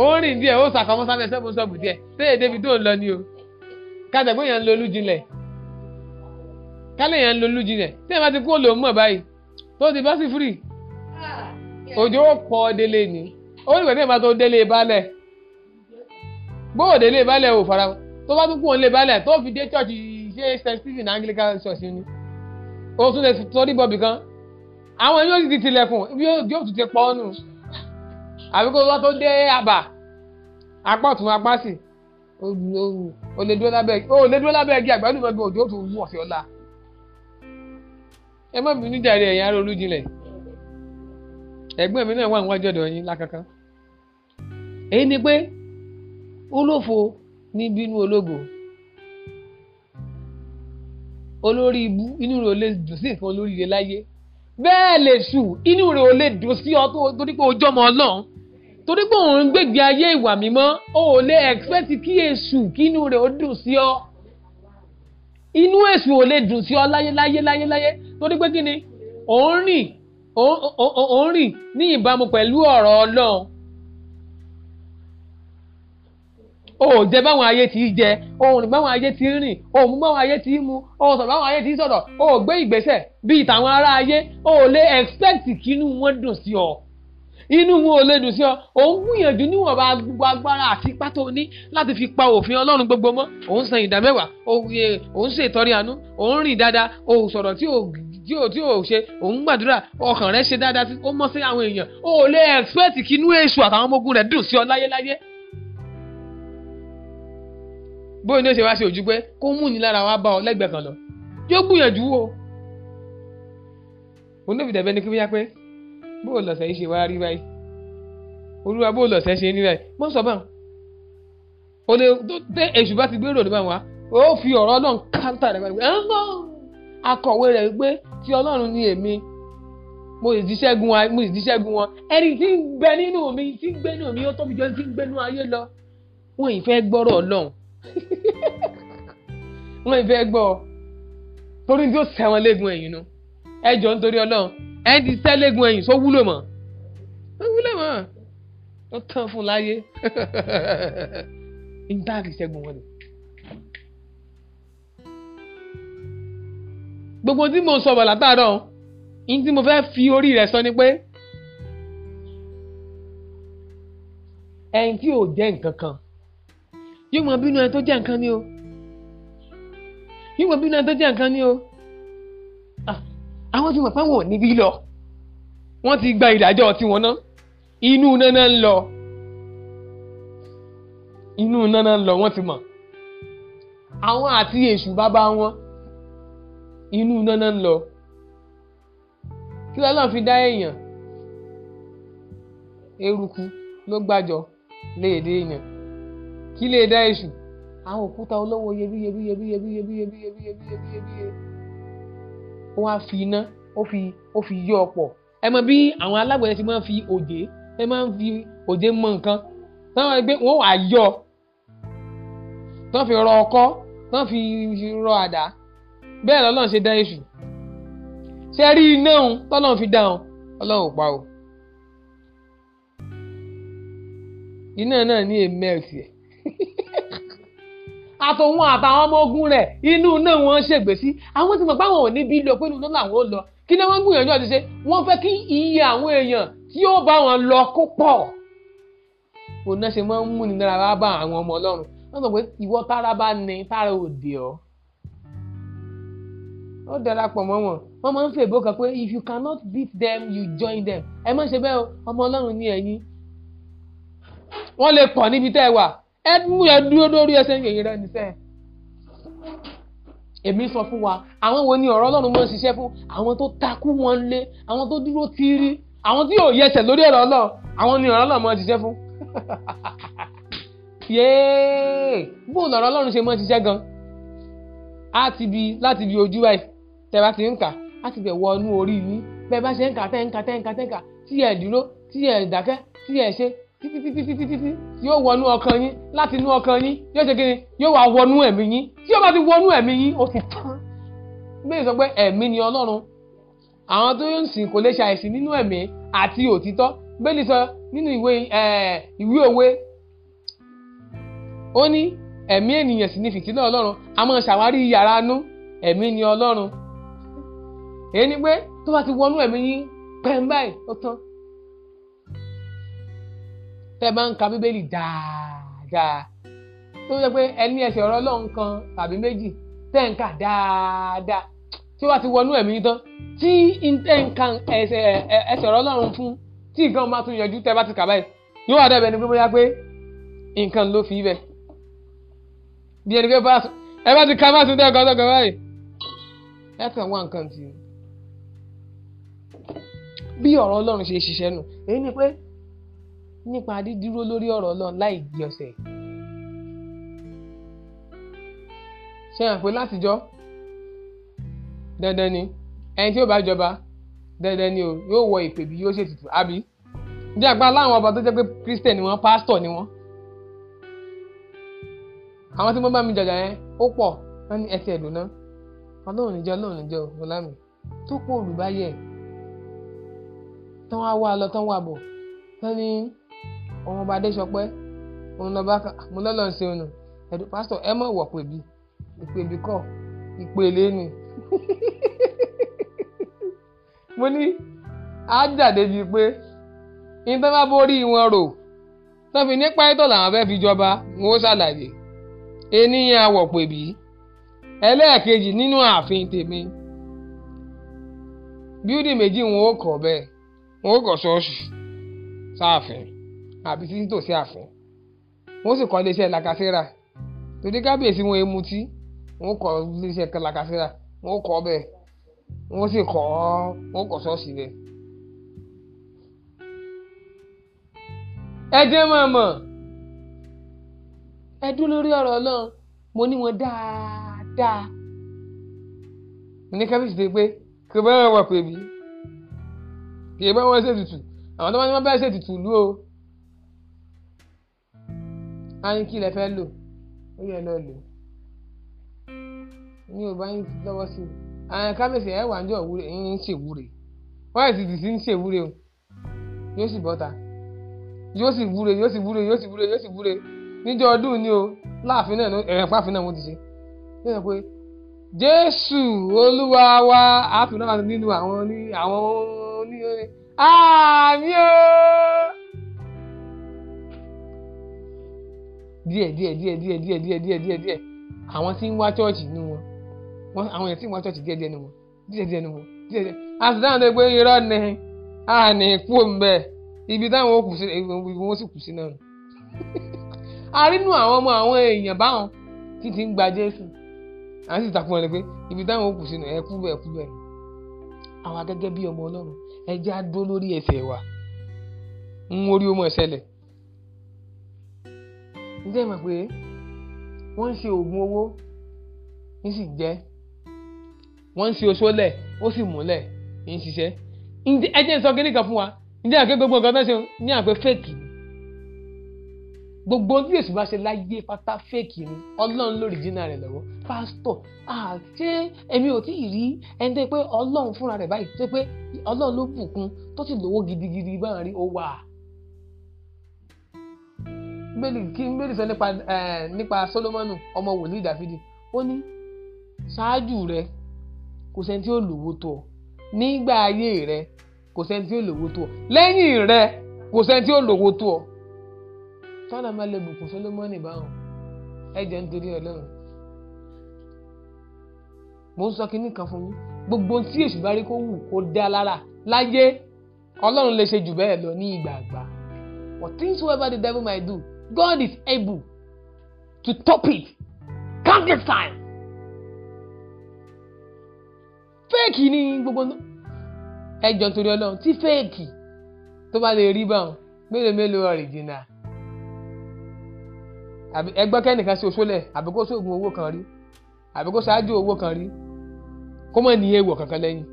ó rìn díẹ̀ ó sàkọmọ́ sábẹ́ sẹ́fún sọ́ọ̀bù díẹ̀ sẹ́yẹ̀ débi tó ń lọ ni o kàtàgbé yẹn ń lo olújinlẹ̀ kálẹ̀ yẹn ń lo olújinlẹ̀ sẹ́yìn bá ti kú òòlù mọ̀ báyìí tó ti bọ́sì free. òjò ó pọ̀ délé ni ó ní ìgbàdí ìbátan délé balẹ̀ gbówó délé balẹ̀ ò fara tó bá tún kú òun lé balẹ̀ tó fi dé chọ́ọ̀chì ṣe st stephen anglican church ni ó tún lè sọrí bọ́ọ̀bì kan àwọn yóò ti tilẹ̀kùn ibi yóò tún ti pọ̀ ọ́nù àbí kó wọ́n tó dé àbà apá ọ̀tún apá sì ó lè dúró lábẹ́ igi àgbàdo mọ́ bí òjò tó wù ọ̀sẹ̀ ọ̀la ẹ má bínú jàre ẹ̀yin ará Olújinlẹ̀ ẹ̀gbọ́n mi náà wà níwájú ọ̀dọ̀ yín lákankan èyí ni pé olófo ní bínú ológo olórí ibú inú rẹ̀ ò lè dùn sí nǹkan olórí rẹ̀ láyé bẹ́ẹ̀ lè sù inú rẹ̀ ò lè dùn sí ọ torí pé ojú ọmọ ọlọ́run torí pé òun ń gbègbè ayé ìwà mímọ́ o ò lè expect kí èṣù kí inú rẹ̀ ó dùn sí ọ inú èṣù ò lè dùn sí ọ láyé láyé láyé láyé torí pé kí ni ò ń rìn ní ìbámu pẹ̀lú ọ̀rọ̀ ọlọ́run o ò jẹ báwọn ayé ti jẹ o ò rìn báwọn ayé ti rìn o ò mú báwọn ayé ti mú o ò sọ̀rọ̀ báwọn ayé ti sọ̀rọ̀ o ò gbé ìgbésẹ̀ bíi tàwọn ará ayé o ò lè expect kínú wọn dùn sí ọ inú wọn ò lè dùn sí ọ òun gbìyànjú níwọ̀nba gbogbo agbára àti ipá tó ní láti fi pa òfin ọlọ́run gbogbo mọ́ òun san ìdá mẹ́wàá òun ṣe ìtọ́rí àánú òun rìn dáadáa òun sọ̀rọ̀ tí ò tí ò tí ò ṣe òun gbàdúrà ọkàn rẹ ṣe dáadáa ó mọ́ sí àwọn èèyàn ó lè ẹ̀sùpẹ̀tì kí inú èṣù àtàwọn ọmọ ogun rẹ̀ dùn sí ọ láyéláyé bóyá ní ó ṣe wá ṣe ojú pé kó mú ni lára wa bá ọ lẹ́gbẹ̀ẹ́ kan lọ yóò gbìyànjú o onífìdẹ́bẹ́ ni kí wọ́n yá pé bó o lọ̀sẹ̀ yìí ṣe wá rí báyìí olúwa bó lọ̀sẹ̀ ṣe ní báyìí mọ́ sọ báwọn o lè dé èṣù bá ti gbèrò ní báwọn o fi ọ̀rọ̀ ọlọ́run káńtà rẹ̀ báyìí akọ̀wé rẹ̀ wípé ti ọlọ́run ni èmi mo sì ti ṣẹ́gun wọn mo sì ti ṣẹ́gun wọn ẹni tí ń gbẹ nínú mi tí ń gbẹ nínú mi ó tóbi jọ tí ń gbẹ nínú ayé lọ wọn ì fẹ́ gbọ́rọ̀ ọlọ́run wọn ì fẹ́ gbọ́ torí tí ó sẹ́wọ̀n léegun ẹ ti sẹ́lẹ̀gùn ẹ̀yìn sọ wúlò mọ́ ó wúlò mọ́ ó tán fún láyé ń dáàkì ṣẹ́gun wọn ni. gbogbo tí mo sọ bọ̀ látàárọ̀ yín tí mo fẹ́ fi orí rẹ̀ sọ ni pé ẹni tí ò jẹ́ nǹkan kan yóò mọ bínú ẹni tó jẹ́ nǹkan ni o yóò mọ bínú ẹni tó jẹ́ nǹkan ni o àwọn ti mọ̀ pé wọn ò níbí lọ wọ́n ti gba ìdájọ́ tiwọn ná inú nánà ń lọ inú nánà ń lọ wọ́n ti mọ̀ àwọn àti èṣù bàbá wọn inú nánà ń lọ kí lọ́lọ́run fi dá èèyàn eruku ló gbàjọ léèdè èèyàn kí lè dá èṣù àwọn òkúta olówó yebíyebíyebíyebíyebíyebíyebíyebíyebíyebíye ó wá fi iná ó fi ó fi yọ ọ̀pọ̀ ẹ mọ bí àwọn alágbẹ̀dẹ ti máa ń fi òjé ẹ máa ń fi òjé mọ nǹkan táwọn ẹgbẹ́ wọn wà yọ tán fi rọ ọkọ́ tán fi rọ àdá bẹ́ẹ̀ lọ́lọ́run ṣe dá èṣù ṣe rí iná òun tọ́lọ́run fi dá òun ọlọ́run ò pa o iná náà ní èmi ẹ̀ àtòun àtàwọn ọmọ ogun rẹ̀ inú náà wọ́n ṣègbè sí àwọn ti mọ̀ pé àwọn ò ní bí lọ pé inú náà làwọn lọ kí ni wọ́n gbìyànjú àti ṣe wọ́n fẹ́ kí iye àwọn èèyàn tí ó bá wọn lọ kó pọ̀ òun ṣe máa ń múni lára bá àwọn ọmọ ọlọ́run wọ́n sọ pé ìwọ tára bá ní tára òde ọ́ ó darapọ̀ mọ́ wọn wọ́n máa ń fi èbó kan pé if you cannot beat them you join them ẹ má ṣe bẹ́ẹ̀ ọmọ ọlọ́run ni ẹ̀yin wọ́n lè pọ̀ níbi tẹ́ ẹ wà ẹ mú ẹ dúró lórí ẹsẹ̀ yìnyín rẹ nìṣẹ́ èmi sọ fún wa àwọn wo ni ọ̀rọ̀ ọlọ́run máa ń ṣiṣẹ́ fún àwọn tó takú wọn lé àwọn tó dúró tiiri àwọn tí yóò yẹsẹ̀ lórí ọ̀rọ̀ ọlọ́run àwọn ni ọ̀rọ̀ ọlọ́run máa ń ṣiṣẹ́ fún yéé bóun lọ̀rọ̀ ọlọ́run ṣe máa ń ṣiṣẹ́ gan á ti bi láti bi ojú báyìí tẹ́ bá ti ń kà á ti bẹ̀ wọ inú orí yín bẹ́ẹ̀ bá ṣe ń kà tẹ́ ń kà tẹ́ ń kà tẹ́ ń kà tí ẹ̀ dúró tí ẹ̀ dákẹ́ tí ẹ̀ ṣe títítítítítítí yóò wọnú ọkàn yín láti inú ọkàn yín yóò ṣe kíni yóò wá wọnú ẹ̀mí yín tí yóò bá ti wọnú ẹ̀mí yín ó ti tán bẹ́ẹ̀ sọ pé ẹ̀mí ni ọlọ́run àwọn tó ń sìn kò lè ṣàìsìn nínú ẹ̀mí àti òtítọ́ bẹ́ẹ̀ sọ nínú ìwé ìwé òwe ó ní ẹ̀mí ènìyàn sì ni fìtílà ọlọ́run a máa ṣàwárí yàrá inú ẹ̀mí ni ọlọ́run èyí ni pé tó bá ti wọnú ẹ̀mí yín pẹ́ńbáì ó tán tẹ́ bá ń ka bíbélì dáadáa tó jẹ́ pé ẹni ẹsẹ̀ ọ̀rọ̀ ọlọ́run kan tàbí méjì tẹ́ ń kà dáadáa tí wàá ti wọnú ẹ̀mí tán tí tẹ́ ń ka ẹsẹ̀ ọ̀rọ̀ ọlọ́run fún tí nǹkan máa tún yanjú tẹ́ bá ti kà báyìí yóò wà dẹ́bẹ̀ ni pé bóyá pé nǹkan ló fi ibẹ̀ bí ẹni pé ẹ bá ti ka bá ti dẹ́ ọkọ̀ ọ̀sọ̀kan báyìí ẹ kàn wá nǹkan tì í bí ọ̀rọ̀ ọlọ́run ṣe ṣiṣẹ́ nù èyí ni pé nípa dídúró lórí ọ̀rọ̀ Ọlọ́run láì di ọ̀sẹ̀. ṣe hàn pé látijọ́ dandan ni ẹni tí yóò bá jọba dandan ni o yóò wọ ìpè bí yóò ṣètùtù àbí ǹjẹ́ àgbà láwọn ọba tó jẹ́ pé Christian ni wọ́n pásítọ̀ ni wọ́n àwọn tí wọ́n bá mi jàjà yẹn ó pọ̀ wọ́n ní ẹsẹ̀ ẹ̀dùn náà Ọlọ́run níjẹ́ Ọlọ́run níjẹ́ ọ̀làmì tó pọ̀ olùbáyẹ̀ tán wá wá lọ tán wá bọ̀ tán ní ọmọọba adéṣọpẹ́ òun lọ́ba kan mo lọ́lọ́ ń ṣe ònà ẹ̀dùn pásítọ̀ ẹ mọ̀ wọ̀ pèbí ìpèbí kọ̀ ìpèlè ni mo ní á jáde bíi pé nítorí bá borí wọn rò tó fi ní páyítọ̀ làwọn fẹ́ fi jọba ń ó ṣàlàyé ènìyàn àwọ̀ pèbí ẹlẹ́ẹ̀kejì nínú ààfin tèmi bíúdì méjì wọn ó kọ́ bẹ́ẹ̀ wọn ó kọ́ ṣọ́ọ̀ṣì sáàfin àbí sí nítòsí àfọ́n wọ́n sì kọ́ iléeṣẹ́ làkàṣẹ́rà torí kábíyèsí wọn èmu tí wọ́n kọ́ iléeṣẹ́ làkàṣẹ́rà wọ́n kọ́ bẹ́ẹ̀ wọ́n sì kọ́ wọ́n kọ́ ṣọ́ọ̀ṣì bẹ́ẹ̀. ẹ jẹ́ máa mọ̀ ẹ dún lórí ọ̀rọ̀ Ọlọ́run mo ní wọn dáadáa mo ní kábíyèsí pé kí bá wọn wà pé mi kì í bá wọn ṣètùtù àwọn tó bá wọn bá ṣètùtù lú o á ní kí lẹ fẹ́ lò ó yẹ lọ lò ní yorùbá yín ti lọ́wọ́ sí i àwọn kábíyèsí ẹ̀ wà ń jọ òwúrẹ̀ ń ṣèwúre wọ́n ti dì sí ń ṣèwúre o yóò sì bọ́ta yóò sì wúre yóò sì wúre yóò sì wúre yóò sì wúre níjọ́ ọdún ni o láàfin náà ẹ̀rẹ̀ pàfin náà mo ti ṣe ní ẹ̀ pé jésù olúwa wa àfin náà nínú àwọn ní àwọn ní àmì ooo. díẹ̀ díẹ̀ díẹ̀ díẹ̀ díẹ̀ díẹ̀ díẹ̀ díẹ̀ díẹ̀ àwọn tí ń wá chọ́ọ̀chì nínú wọn àwọn èèyàn tí ń wá chọ́ọ̀chì díẹ̀ díẹ̀ nínú wọn díẹ̀ díẹ̀ nínú wọn díẹ̀ díẹ̀ a sì dáhùn pé irọ́ ni a ní kú mbẹ ibi táwọn ó kù sí ibi sì kù sí náà a rí nù àwọn ọmọ àwọn èèyàn báwọn tí ti ń gba Jésù sì takùn pé ibi táwọn kù sí ẹ kú bẹ ẹ kú bẹ ǹjẹ́ ẹ mọ̀ pé wọ́n ń ṣe oògùn owó ń sì jẹ́ wọ́n ń ṣe oṣó lẹ̀ ó sì múlẹ̀ ń ṣiṣẹ́ ǹjẹ́ ẹ jẹ́ ń sọ fún wa ǹjẹ́ àgbẹ̀ gbogbo nǹkan tó ń ṣe ní àgbẹ̀ fẹ́ẹ̀kì gbogbo bá ṣe láyé pátá fẹ́ẹ̀kì ni ọlọ́run lórí jìnnà rẹ̀ lọ́wọ́ pásítọ̀ ṣé èmi ò tí ì rí ẹni tó pé ọlọ́run fúnra rẹ̀ báyìí tó pé ọlọ́run ló bùkún tó sì lówó gidigidi báyìí ó wà bíbélì kí bíbélì sọ nípa nípa Solomoni ọmọ wòlíì Dáfídì ó ní ṣáájú rẹ kò sẹ́ni tí ó lówó tó ọ nígbà ayé rẹ kò sẹ́ni tí ó lówó tó ọ lẹ́yìn rẹ kò sẹ́ni tí ó lówó tó ọ tọ́lá máa lè bùkún Solomoni báwọn ẹ jẹ́ nítorí Ọlọ́run mo ń sọ kinní kan fún yín gbogbo tí èṣù bá rí kó wù kó dá lára láyé Ọlọ́run lè ṣe jù bẹ́ẹ̀ lọ ní ìgbà àgbà what things whoever the devil might do God is able to top it countless times. fẹ́ẹ̀kì ni gbogbo ẹjọ́ torí ọlọ́run tí fẹ́ẹ̀kì tó bá lè rí báwọn mélòó mélòó ọ̀rìjìnà àbí ẹgbẹ́ kẹ́nìkan sí oṣoolẹ̀ àbí kó sóògùn owó kan rí àbí kó ṣáájú owó kan rí kó mọ̀ ní èèwọ̀ kankan lẹ́yìn.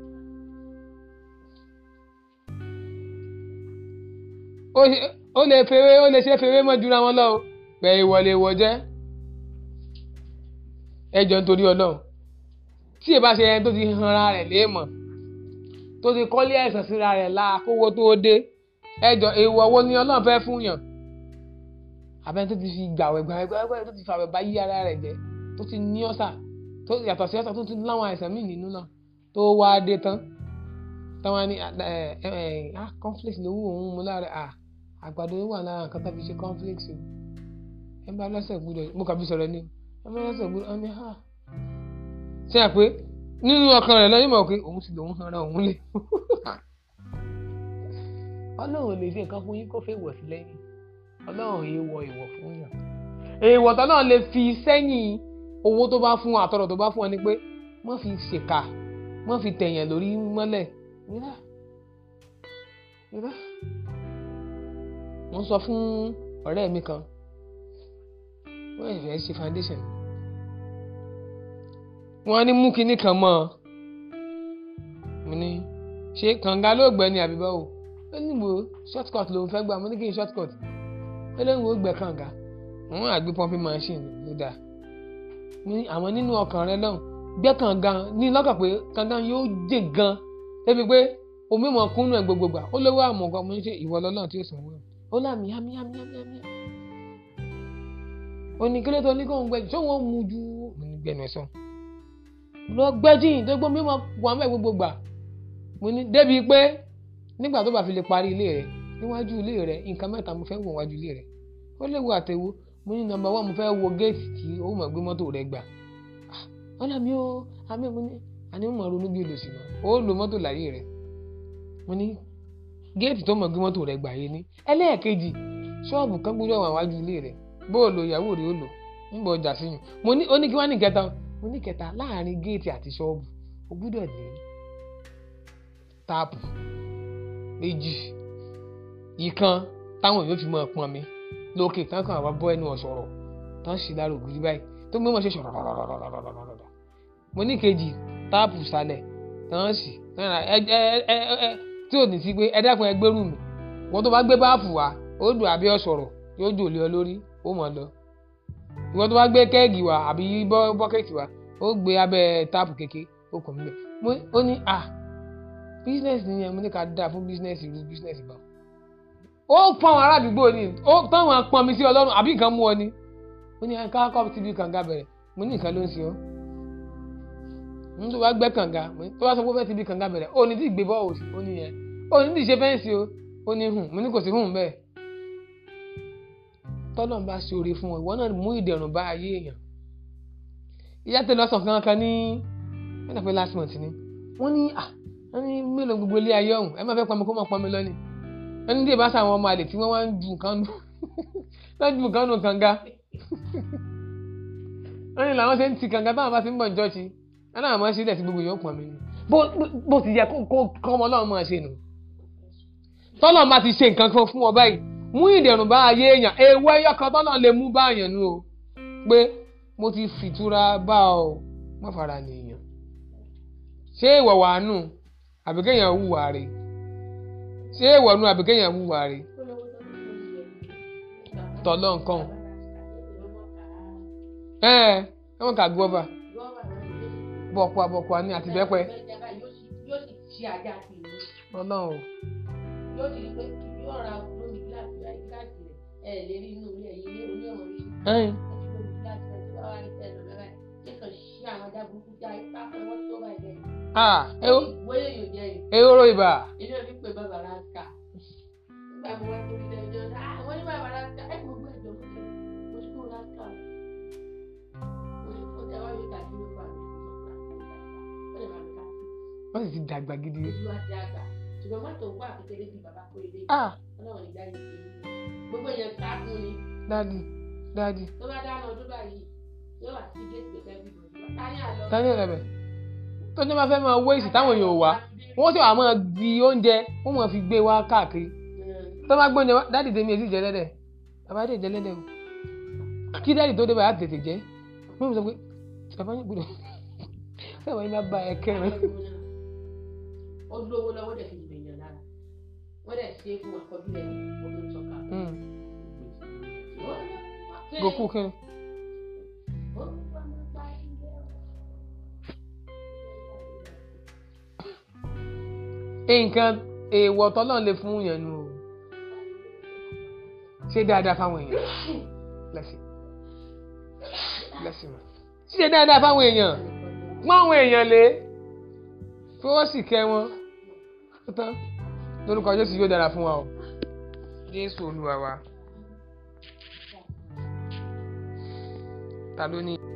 ó ṣe ó lè fèrè ó lè ṣe fèrè mọ́ jura wọn lọ o pẹ̀ ìwọlé ìwọ jẹ́ ẹjọ́ nítorí ọlọ́run tí ì bá ṣe ẹni tó ti hanra rẹ̀ léèmọ̀ tó ti kọ́lé ẹ̀sán síra rẹ̀ la kówó tó dé ẹjọ́ èèwọ̀ wo ni ọlọ́run fẹ́ fún yàn àbẹ́ni tó ti fi gbàwẹ̀ gbàwẹ̀ gbàwẹ̀ tó ti fàwẹ̀ bá yí ara rẹ̀ jẹ́ tó ti ní ọ̀sà tó yàtọ̀ sí ọ̀sà tó ti láwọn àìsàn míì nínú náà tó wá dé tán táwọn ní ah, conflict lówó òun mú lára ah àgbàdo wà lára nǹkan tó fi ṣe conflict o ẹ bá lọ́sẹ̀ gbúdọ̀ mo kàn fi sọ̀rọ̀ ni ẹ bá lọ́sẹ̀ gbúdọ̀ ọ ní ha ṣe à pé nínú ọkàn rẹ̀ lọ́yìn mọ̀ pé òun sì lòun hanra òun lè. ọlọ́run ò lè ṣe nǹkan fún yín kó fẹ́ wọ̀ sí lẹ́yìn ọlọ́run èèwọ̀ èèwọ̀ fún yàn èèwọ̀ tó náà lè fi sẹ́yìn owó tó bá fún àtọ̀rọ̀ tó bá fún ọ ni pé wọ́n fi ṣèkà wọ́n fi tẹ̀yàn lórí mọ́lẹ̀ rírà rírà mo ń sọ fún ọ̀rẹ́ mi kan wọ́n ìfẹ́ ṣe foundation wọ́n ní mú kinní kan mọ́ ọ mo ní ṣé kànga ló ni àbí báwo ó ní wo short cut lòun fẹ́ gbà mo ní kí n short cut ó lóun wo gbẹ kànga wọ́n àgbé pumping machine ló dáa àwọn nínú ọkàn rẹ náà gbẹ kànga ní lọ́kàn pé kànga yóò jè gan débi pé omi mọ̀ kúnnú ẹ̀ gbogbogbà ó lówó àmọ̀gàn mo ní ṣe ìwọ lọ́nà tí ó sàn wọ́n ó lámì yámi yámi yámi yámi oníkílẹ̀ tó ní kó ń gbẹ ṣé wọ́n mu ju onígbẹ̀nu ẹ̀sán lọ gbẹ́jìn tó gbọ́ mi máa wà mẹ́ gbogbo gbà mo ní débi pé nígbà tó bá fi lè parí ilé rẹ níwájú ilé rẹ nǹkan mẹ́ta mo fẹ́ wò wájú ilé rẹ ó léwu àtẹ̀wò mo ní nọ́mbà wá mo fẹ́ wo géètì tí ó mọ̀ gbé mọ́tò rẹ gbà ah, wọ́n làmì ó àmì mo ní àní mo mọ̀ ronú bí olùsìn mọ́ ó lo mọ́tò láyé rẹ mo ní geeti tó mọ̀ gbé mọ́tò rẹ̀ gbà yé ní ẹlẹ́ẹ̀kejì ṣọ́ọ̀bù kan gbúdọ̀ ụwa wájú ilé rẹ̀ bóòlù ìyàwó rẹ̀ ó lò ń bọ̀ ọjà sí yìí mo ní ó kí wọ́n ní kẹta mo ní kẹta láàrin géètì àti ṣọ́ọ̀bù o gbúdọ̀ ní táàpù méjì ìkan táwọn fi máa pọn mi lókè tán bọ́ ẹnu tán sì dárò gidi tí ò ní sí pé ẹ dákun ẹ gbẹ́rù mi wọ́n tó bá gbé báàfù wá ó dùn àbí ọ̀sọ̀rọ̀ yóò jòlè ọ lórí ó mọ̀ lọ ìwọ́n tó bá gbé kẹ́ẹ̀gì wá àbí bọ́kẹ́tì wá ó gbé abẹ́ táàpù kéke ó kàn níbẹ̀ mo ó ní à bísínẹ́sì nìyẹn mo ní ká dáa fún bísínẹ́sì irú bísínẹ́sì bá ó pọn àwọn ará ni ó táwọn apọn mi sí ọlọ́run àbí nǹkan mú ọ ni ó ní ká kọ́ síbi kànga bẹ̀rẹ̀ mo ní nǹkan ló ń ṣe ọ́ ń tó bá gbẹ́ kànga tó bá sọ pé ó fẹ́ ti ibi kànga bẹ̀rẹ̀ ó ní tí gbé bọ́ọ̀lù ó ní yẹn ó ní tí ṣe fẹ́ǹsì o ó ní hùn mo ní kò sí hùn bẹ́ẹ̀ tọ́lọ̀ ń bá ṣe oore fún ọ ìwọ náà mú ìdẹ̀rùn bá ayé èèyàn ìyá tẹ̀lé ọ̀sán kankan ní mẹ́ta pé last month ni wọ́n ní à ah, wọ́n ní mélòó gbogbo ilé ayé ọ̀hún ẹ má fẹ́ pọnmi kó mọ̀ pọnmi lọ́nìí ẹni tí ìbáṣà àwọn ọmọ àlè tí wọ́n wá ń ju nǹkan nù wọ́n ju nǹkan nù kànga wọ́n ní làwọn ṣe ń náà máa ń ṣe ilẹ̀ tí gbogbo yóò pọn mi ni bó ti yẹ kó ọmọ ọlọ́run máa ṣe nù tọ́lọ̀ máa ti ṣe nǹkan kan fún ọ báyìí mú ìdẹ̀rùn bá ayé èèyàn ewu ẹyọ kan tọ́lọ̀ lè mú bá èèyàn nù o pé mo ti fìtura bá ọ má fara nìyàn ṣé ìwọ̀ wà nù àbí kéèyàn hùwà rẹ̀ ṣé ìwọ̀ nù àbí kéèyàn hùwà rẹ̀ tọ́lọ̀ nǹkan ẹ̀ ẹ̀ wọ́n kà gbọ́ bá bọ̀pọ̀ àbọ̀pọ̀ ni àti bẹ́pẹ́. ọlọ́run. yóò sì pé yóò ra lómi gíláàsì rẹ̀ gíláàsì rẹ̀ ẹ̀ lè rí inú ilé yìí ní ọmọ rí. ẹ̀yìn. ẹ̀yìn lómi gíláàsì rẹ̀ tó bá wà ní ẹ̀ lọ́dọ̀ rẹ̀ ṣé tó bá jẹ. ah ewo. wọ́yẹ̀ yóò bàbá rà ń wọ́n sì ti dàgbà gidi. ìlú àdàgbà ṣùgbọ́n mọ́tò wà kékeré bíi bàbá kó ilé ah! ọlọ́run ìgbà yìí gbogbo yẹn ká fún ni. dadi dadi. tó bá dáná ọdún báyìí yóò wá sí gẹ́gẹ́ bẹ́ẹ̀ bí bọ̀dọ̀ táyà lọ́bẹ̀. tó ní ma fẹ́ máa wé ìsìn táwọn èèyàn wá wọ́n sì wà máa gbi oúnjẹ wọ́n máa fi gbé wá káàkiri hmm. tó bá gbóúnjẹ dáàdì tèmi èsì jẹ lẹ́dẹ̀ bàbá dè jẹ lẹ́dẹ̀ o kí dáàdì tó dé báyà tètè jẹ́ mọ́ mi sọ pé bàbá yín gbọ́dọ̀ sábà yín bá ba ẹ̀kẹ́ rẹ̀ ó lówó lọ́wọ́ dẹ̀ fi ìbẹ̀ yàn lára wọ́n dẹ̀ ṣe é fún akọ́jú rẹ̀ ní olóńtọ́ka. Hmm. gòkú kí ni. nǹkan èèwọ̀ tọ́lọ́ lè fún yẹn nu o ṣe dáadáa fáwọn èèyàn lẹ́sìn lẹ́sìn mọ́ ṣe dáadáa fáwọn èèyàn pọ́n àwọn èèyàn lé fọwọ́ kẹ́ wọn ó tán lórúkọ jésù yóò dára fún wa o jésù olúwa wa ta ló ní.